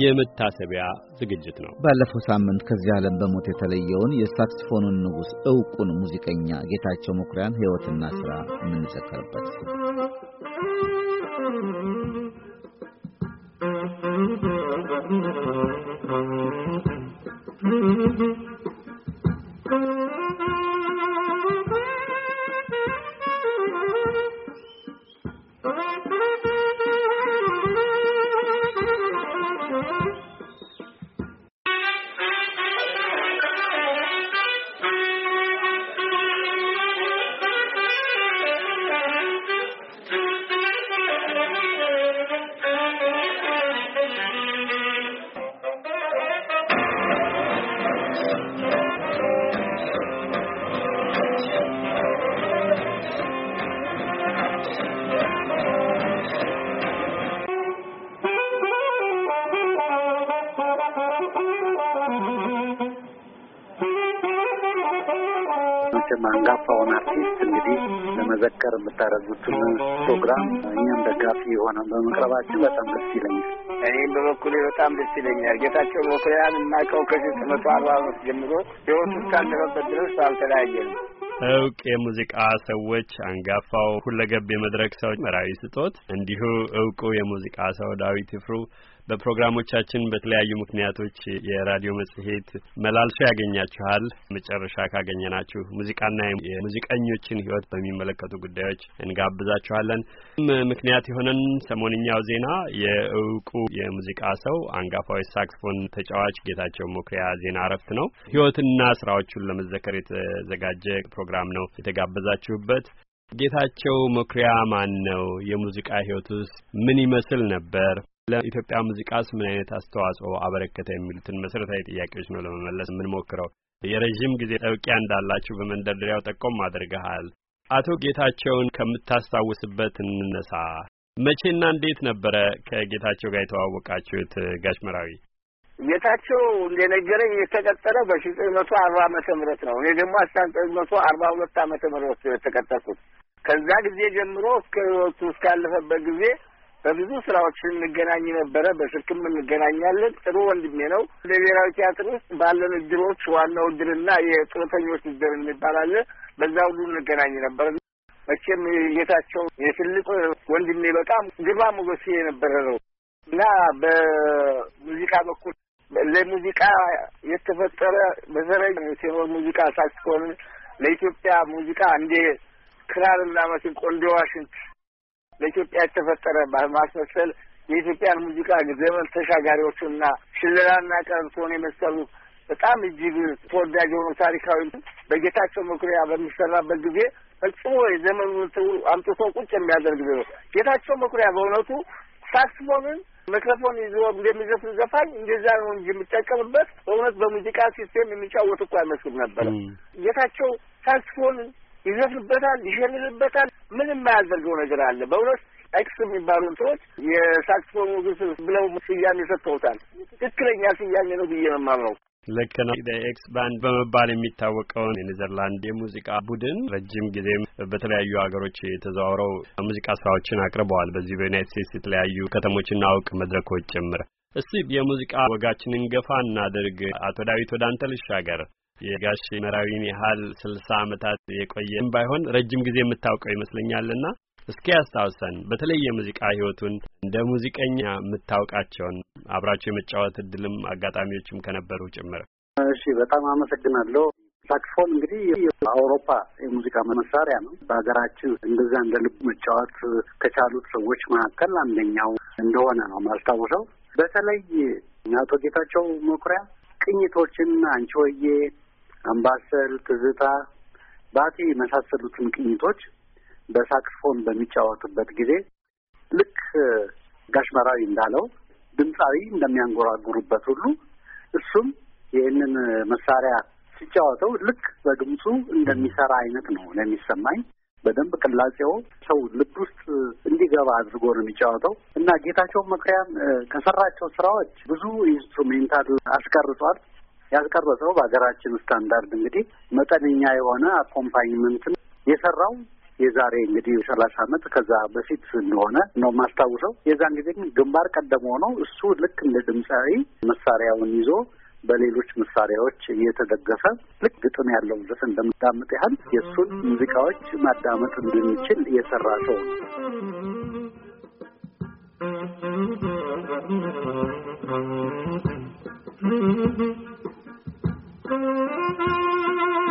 የመታሰቢያ ዝግጅት ነው። ባለፈው ሳምንት ከዚህ ዓለም በሞት የተለየውን የሳክስፎኑን ንጉሥ ዕውቁን ሙዚቀኛ ጌታቸው መኩሪያን ሕይወትና ሥራ የምንዘከርበት እንድንዘከር የምታደርጉትን ፕሮግራም እኛም ደጋፊ የሆነ በመቅረባችን በጣም ደስ ይለኛል። እኔም በበኩሌ በጣም ደስ ይለኛል። ጌታቸው በኩሪያን እናቀው ከስት መቶ አርባ አመት ጀምሮ ህይወቱ እስካለፈበት ድረስ አልተለያየም። እውቅ የሙዚቃ ሰዎች አንጋፋው ሁለገብ የመድረክ ሰው መራዊ ስጦት፣ እንዲሁ እውቁ የሙዚቃ ሰው ዳዊት ይፍሩ በፕሮግራሞቻችን በተለያዩ ምክንያቶች የራዲዮ መጽሔት መላልሶ ያገኛችኋል። መጨረሻ ካገኘናችሁ ሙዚቃና የሙዚቀኞችን ሕይወት በሚመለከቱ ጉዳዮች እንጋብዛችኋለን። ምክንያት የሆነን ሰሞንኛው ዜና የእውቁ የሙዚቃ ሰው አንጋፋዊ ሳክስፎን ተጫዋች ጌታቸው መኩሪያ ዜና እረፍት ነው። ሕይወትና ስራዎቹን ለመዘከር የተዘጋጀ ፕሮግራም ነው የተጋበዛችሁበት። ጌታቸው መኩሪያ ማን ነው? የሙዚቃ ህይወት ውስጥ ምን ይመስል ነበር? ለኢትዮጵያ ሙዚቃስ ምን አይነት አስተዋጽኦ አበረከተ የሚሉትን መሰረታዊ ጥያቄዎች ነው ለመመለስ የምንሞክረው። የረዥም ጊዜ እውቂያ እንዳላችሁ በመንደርደሪያው ጠቆም አድርገሃል። አቶ ጌታቸውን ከምታስታውስበት እንነሳ። መቼና እንዴት ነበረ ከጌታቸው ጋር የተዋወቃችሁት? ጋሽመራዊ ጌታቸው እንደነገረኝ የተቀጠረ በሺ ዘጠኝ መቶ አርባ አመተ ምህረት ነው። እኔ ደግሞ አስራ ዘጠኝ መቶ አርባ ሁለት ዓመተ ምህረት የተቀጠርኩት። ከዛ ጊዜ ጀምሮ እስከ ሕይወቱ እስካለፈበት ጊዜ በብዙ ስራዎች እንገናኝ ነበረ። በስልክም እንገናኛለን። ጥሩ ወንድሜ ነው። በብሔራዊ ቲያትር ውስጥ ባለን እድሮች ዋናው እድርና የጡረተኞች እድር የሚባላለ በዛ ሁሉ እንገናኝ ነበር። መቼም ጌታቸው የትልቅ ወንድሜ በጣም ግርማ ሞገስ የነበረ ነው እና በሙዚቃ በኩል ለሙዚቃ የተፈጠረ በተለይ ሴኖር ሙዚቃ ሳክስፎን ለኢትዮጵያ ሙዚቃ እንደ ክራርና መስንቆ እንደ ዋሽንት በኢትዮጵያ የተፈጠረ በማስመሰል የኢትዮጵያን ሙዚቃ ዘመን ተሻጋሪዎቹና ሽለላና ቀረርቶን የመሰሉ በጣም እጅግ ተወዳጅ የሆኑ ታሪካዊ በጌታቸው መኩሪያ በሚሰራበት ጊዜ ፈጽሞ የዘመኑን አምጥቶ ቁጭ የሚያደርግ ነው። ጌታቸው መኩሪያ በእውነቱ ሳክስፎንን ማይክሮፎን ይዞ እንደሚዘፍን ዘፋኝ እንደዛ ነው እንጂ የምጠቀምበት በእውነት በሙዚቃ ሲስቴም የሚጫወት እኮ አይመስልም ነበረ። ጌታቸው ሳክስፎንን ይዘፍንበታል፣ ይሸልልበታል። ምንም የማያደርገው ነገር አለ በእውነት ኤክስ የሚባሉ ሰዎች የሳክስፎን ንጉስ ብለው ስያሜ ሰጥተውታል። ትክክለኛ ስያሜ ነው ብዬ ነው የማምነው። ልክ ነው። ኤክስ ባንድ በመባል የሚታወቀውን የኔዘርላንድ የሙዚቃ ቡድን ረጅም ጊዜም በተለያዩ ሀገሮች የተዘዋውረው ሙዚቃ ስራዎችን አቅርበዋል። በዚህ በዩናይት ስቴትስ የተለያዩ ከተሞችና አውቅ መድረኮች ጭምር። እስቲ የሙዚቃ ወጋችንን ገፋ እናድርግ። አቶ ዳዊት ወደ አንተ ልሻገር። የጋሽ መራዊን ያህል ስልሳ አመታት የቆየም ባይሆን ረጅም ጊዜ የምታውቀው ይመስለኛልና እስኪ ያስታውሰን በተለይ የሙዚቃ ህይወቱን እንደ ሙዚቀኛ የምታውቃቸውን አብራቸው የመጫወት እድልም አጋጣሚዎችም ከነበሩ ጭምር። እሺ፣ በጣም አመሰግናለሁ። ሳክስፎን እንግዲህ የአውሮፓ የሙዚቃ መሳሪያ ነው። በሀገራችን እንደዛ እንደ ልብ መጫወት ከቻሉት ሰዎች መካከል አንደኛው እንደሆነ ነው ማስታውሰው። በተለይ አቶ ጌታቸው መኩሪያ ቅኝቶችን አንቺ ወዬ አምባሰል፣ ትዝታ፣ ባቲ የመሳሰሉትን ቅኝቶች በሳክስፎን በሚጫወቱበት ጊዜ ልክ ጋሽ መራዊ እንዳለው ድምፃዊ እንደሚያንጎራጉሩበት ሁሉ እሱም ይህንን መሳሪያ ሲጫወተው ልክ በድምፁ እንደሚሰራ አይነት ነው ለሚሰማኝ። በደንብ ቅላጼው ሰው ልብ ውስጥ እንዲገባ አድርጎ ነው የሚጫወተው እና ጌታቸው መኩሪያም ከሰራቸው ስራዎች ብዙ ኢንስትሩሜንታል አስቀርጿል። ያስቀረጽነው በሀገራችን ስታንዳርድ እንግዲህ መጠነኛ የሆነ አኮምፓኝመንት የሰራው የዛሬ እንግዲህ የሰላሳ ዓመት ከዛ በፊት እንደሆነ ነው የማስታውሰው። የዛን ጊዜ ግን ግንባር ቀደም ሆኖ እሱ ልክ እንደ ድምፃዊ መሳሪያውን ይዞ በሌሎች መሳሪያዎች እየተደገፈ ልክ ግጥም ያለው ድረስ እንደምዳምጥ ያህል የእሱን ሙዚቃዎች ማዳመጥ እንድንችል የሰራ ሰው ነው። Thank you.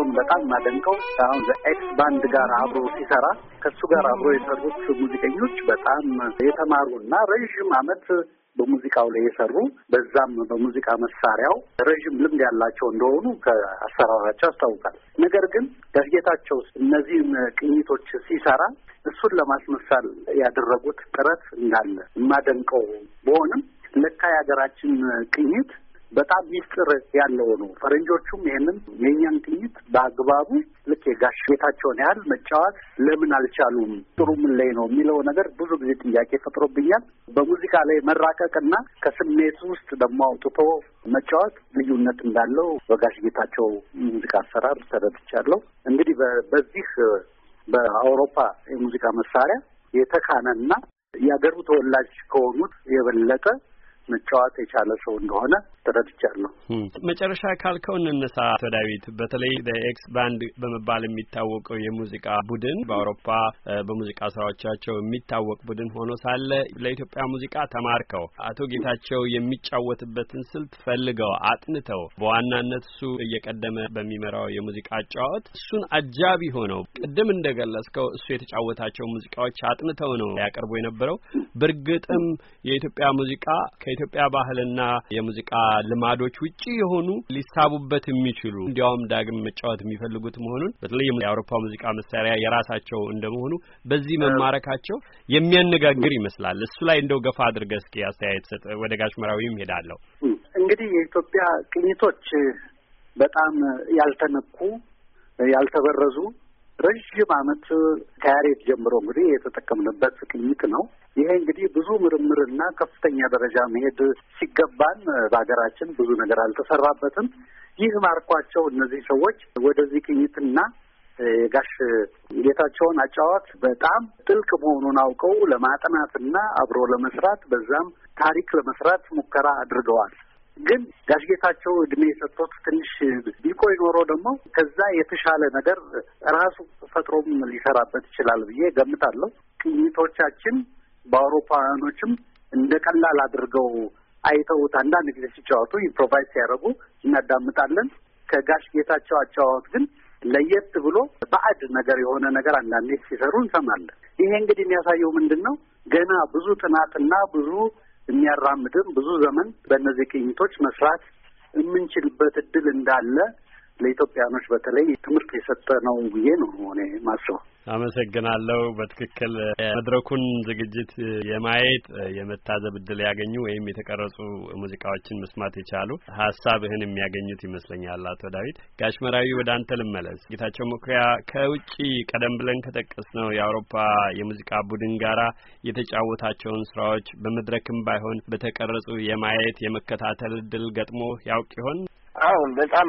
እሳቸውን በጣም ማደንቀው አሁን ኤክስ ባንድ ጋር አብሮ ሲሰራ ከሱ ጋር አብሮ የሰሩት ሙዚቀኞች በጣም የተማሩ እና ረዥም አመት በሙዚቃው ላይ የሰሩ በዛም በሙዚቃ መሳሪያው ረዥም ልምድ ያላቸው እንደሆኑ ከአሰራራቸው አስታውቃል ነገር ግን ደስጌታቸው እነዚህን ቅኝቶች ሲሰራ እሱን ለማስመሳል ያደረጉት ጥረት እንዳለ የማደንቀው በሆንም ለካ የሀገራችን ቅኝት በጣም ሚስጥር ያለው ነው። ፈረንጆቹም ይህንን የእኛን ትኝት በአግባቡ ልክ የጋሽ ቤታቸውን ያህል መጫወት ለምን አልቻሉም? ጥሩ ምን ላይ ነው የሚለው ነገር ብዙ ጊዜ ጥያቄ ፈጥሮብኛል። በሙዚቃ ላይ መራቀቅና ከስሜት ውስጥ ደግሞ አውጥቶ መጫወት ልዩነት እንዳለው በጋሽ ጌታቸው ሙዚቃ አሰራር ተረድቻለሁ። እንግዲህ በዚህ በአውሮፓ የሙዚቃ መሳሪያ የተካነና የአገሩ ተወላጅ ከሆኑት የበለጠ መጫወት የቻለ ሰው እንደሆነ ተረድቻለሁ። መጨረሻ ካልከው እንነሳ። አቶ ዳዊት በተለይ ኤክስ ባንድ በመባል የሚታወቀው የሙዚቃ ቡድን በአውሮፓ በሙዚቃ ስራዎቻቸው የሚታወቅ ቡድን ሆኖ ሳለ ለኢትዮጵያ ሙዚቃ ተማርከው አቶ ጌታቸው የሚጫወትበትን ስልት ፈልገው አጥንተው በዋናነት እሱ እየቀደመ በሚመራው የሙዚቃ አጫዋወት እሱን አጃቢ ሆነው ቅድም እንደገለጽከው እሱ የተጫወታቸው ሙዚቃዎች አጥንተው ነው ያቀርቡ የነበረው። በእርግጥም የኢትዮጵያ ሙዚቃ ከኢትዮጵያ ባህልና የሙዚቃ ልማዶች ውጪ የሆኑ ሊሳቡበት የሚችሉ እንዲያውም ዳግም መጫወት የሚፈልጉት መሆኑን በተለይ የአውሮፓ ሙዚቃ መሳሪያ የራሳቸው እንደመሆኑ በዚህ መማረካቸው የሚያነጋግር ይመስላል። እሱ ላይ እንደው ገፋ አድርገ እስኪ አስተያየት ሰጥ። ወደ ጋሽ መራዊም ሄዳለሁ። እንግዲህ የኢትዮጵያ ቅኝቶች በጣም ያልተነኩ ያልተበረዙ ረዥም ዓመት ከያሬት ጀምሮ እንግዲህ የተጠቀምንበት ቅኝት ነው። ይሄ እንግዲህ ብዙ ምርምርና ከፍተኛ ደረጃ መሄድ ሲገባን በሀገራችን ብዙ ነገር አልተሰራበትም። ይህ ማርኳቸው እነዚህ ሰዎች ወደዚህ ቅኝትና የጋሽ ጌታቸውን አጫዋት በጣም ጥልቅ መሆኑን አውቀው ለማጥናትና አብሮ ለመስራት በዛም ታሪክ ለመስራት ሙከራ አድርገዋል። ግን ጋሽ ጌታቸው እድሜ የሰጥቶት ትንሽ ቢቆይ ኖሮ ደግሞ ከዛ የተሻለ ነገር ራሱ ፈጥሮም ሊሰራበት ይችላል ብዬ ገምታለሁ። ቅኝቶቻችን በአውሮፓውያኖችም እንደ ቀላል አድርገው አይተውት አንዳንድ ጊዜ ሲጫወቱ ኢምፕሮቫይዝ ሲያደርጉ እናዳምጣለን። ከጋሽ ጌታቸው አጫዋወት ግን ለየት ብሎ ባዕድ ነገር የሆነ ነገር አንዳንዴ ሲሰሩ እንሰማለን። ይሄ እንግዲህ የሚያሳየው ምንድን ነው? ገና ብዙ ጥናትና ብዙ የሚያራምድም ብዙ ዘመን በእነዚህ ቅኝቶች መስራት የምንችልበት እድል እንዳለ ለኢትዮጵያኖች በተለይ ትምህርት የሰጠ ነው ብዬ ነው እኔ ማስበው። አመሰግናለሁ። በትክክል መድረኩን ዝግጅት የማየት የመታዘብ እድል ያገኙ ወይም የተቀረጹ ሙዚቃዎችን መስማት የቻሉ ሀሳብህን የሚያገኙት ይመስለኛል። አቶ ዳዊት ጋሽመራዊ ወደ አንተ ልመለስ። ጌታቸው መኩሪያ ከውጭ ቀደም ብለን ነው የአውሮፓ የሙዚቃ ቡድን ጋራ የተጫወታቸውን ስራዎች በመድረክም ባይሆን በተቀረጹ የማየት የመከታተል እድል ገጥሞ ያውቅ ይሆን? አሁን በጣም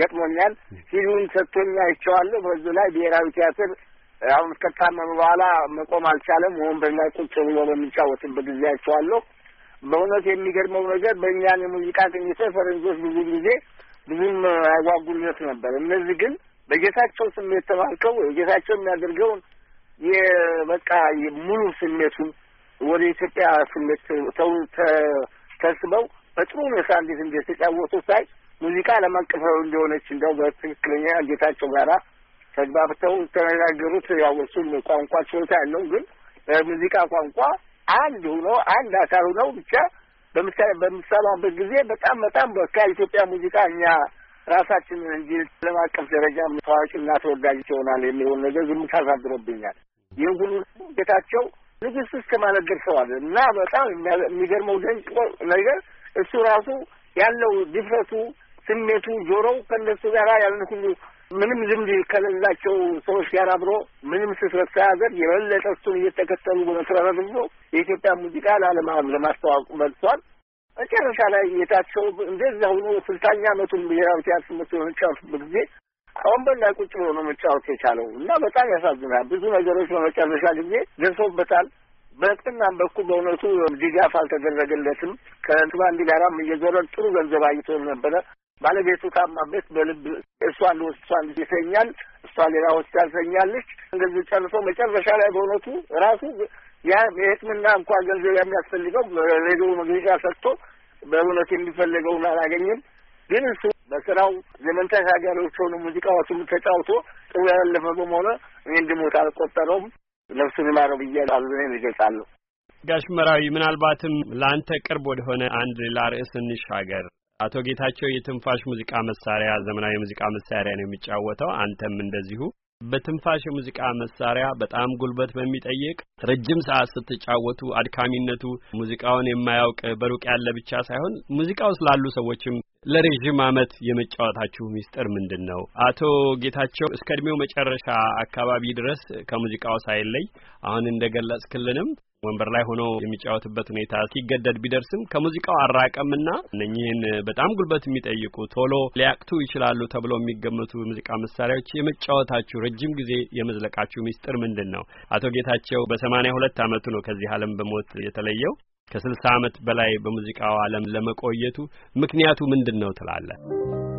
ገጥሞኛል። ፊልሙን ሰጥቶኛ አይቼዋለሁ። በዙ ላይ ብሔራዊ ቲያትር አሁን ከታመመ በኋላ መቆም አልቻለም። ወንበር ላይ ቁጭ ብሎ በሚጫወትበት ጊዜ አይቼዋለሁ። በእውነት የሚገርመው ነገር በእኛን የሙዚቃ ቅኝተ ፈረንጆች ብዙ ጊዜ ብዙም አይጓጉልነት ነበር። እነዚህ ግን በጌታቸው ስሜት ተማርከው ጌታቸው የሚያደርገውን የበቃ ሙሉ ስሜቱን ወደ ኢትዮጵያ ስሜት ተው ተስበው በጥሩ ሁኔታ እንዴት እንደተጫወቱ ሳይ ሙዚቃ ለማቀፈው እንደሆነች እንደው በትክክለኛ ጌታቸው ጋራ ተግባብተው ተነጋገሩት። ያው እሱም ቋንቋ ችሎታ ያለው ግን ሙዚቃ ቋንቋ አንድ ሆኖ አንድ አካል ሆነው ብቻ በምሰማበት ጊዜ በጣም በጣም በካ ኢትዮጵያ ሙዚቃ እኛ ራሳችን እንጂ ዓለም አቀፍ ደረጃ ታዋቂና ተወዳጅ ይሆናል የሚለውን ነገር ግምት አሳድሮብኛል። ይህ ሁሉ ቤታቸው ንግስት እስከ ማለት ደርሰዋል እና በጣም የሚገርመው ደንጭ ነገር እሱ ራሱ ያለው ድፍረቱ ስሜቱ ጆሮው ከእነሱ ጋር ያለን ሁሉ ምንም ዝምድ ከሌላቸው ሰዎች ጋር አብሮ ምንም ስስረት ሳያዘር የበለጠ እሱን እየተከተሉ በመስራት ነው የኢትዮጵያ ሙዚቃ ለዓለም ለማስተዋወቅ መልሷል። መጨረሻ ላይ የታቸው እንደዛ ሁሉ ስልሳኛ ዓመቱን ብሔራዊ ቲያትር መቶ በሚጫወቱበት ጊዜ ከወንበር ላይ ቁጭ ብሎ ነው መጫወት የቻለው እና በጣም ያሳዝናል። ብዙ ነገሮች በመጨረሻ ጊዜ ደርሶበታል። በቅናም በኩል በእውነቱ ድጋፍ አልተደረገለትም። ከንትባንዲ ጋራም እየዞረ ጥሩ ገንዘብ አይቶ ነበረ። ባለቤቱ ታማበት በልብ እሷ አንድ እሷ አንድ ይተኛል፣ እሷ ሌላ ሆስፒታል ተኛለች። እንደዚህ ጨርሶ መጨረሻ ላይ በእውነቱ ራሱ ያ የሕክምና እንኳ ገንዘብ የሚያስፈልገው ሬዲዮ መግለጫ ሰጥቶ በእውነት የሚፈለገውን አላገኝም። ግን እሱ በስራው ዘመን ተሻጋሪዎች ሆኑ ሙዚቃዎቹን ተጫውቶ ጥሩ ያለፈ በመሆነ እኔ እንድሞት አልቆጠረውም። ነፍሱን ይማረው ብዬ አዝነን ይገልጻለሁ። ጋሽ መራዊ ምናልባትም ለአንተ ቅርብ ወደሆነ አንድ ሌላ ርዕስ እንሻገር። አቶ ጌታቸው የትንፋሽ ሙዚቃ መሳሪያ ዘመናዊ ሙዚቃ መሳሪያ ነው የሚጫወተው። አንተም እንደዚሁ በትንፋሽ የሙዚቃ መሳሪያ በጣም ጉልበት በሚጠይቅ ረጅም ሰዓት ስትጫወቱ አድካሚነቱ ሙዚቃውን የማያውቅ በሩቅ ያለ ብቻ ሳይሆን ሙዚቃው ስላሉ ሰዎችም ለረዥም ዓመት የመጫወታችሁ ሚስጥር ምንድን ነው? አቶ ጌታቸው እስከ እድሜው መጨረሻ አካባቢ ድረስ ከሙዚቃው ሳይለይ አሁን እንደገለጽክልንም ወንበር ላይ ሆኖ የሚጫወትበት ሁኔታ ሲገደድ ቢደርስም ከሙዚቃው አራቀምና እነኚህን በጣም ጉልበት የሚጠይቁ ቶሎ ሊያቅቱ ይችላሉ ተብሎ የሚገመቱ የሙዚቃ መሳሪያዎች የመጫወታችሁ ረጅም ጊዜ የመዝለቃችሁ ሚስጥር ምንድን ነው? አቶ ጌታቸው በሰማኒያ ሁለት አመቱ ነው ከዚህ ዓለም በሞት የተለየው። ከስልሳ አመት በላይ በሙዚቃው ዓለም ለመቆየቱ ምክንያቱ ምንድን ነው ትላለህ?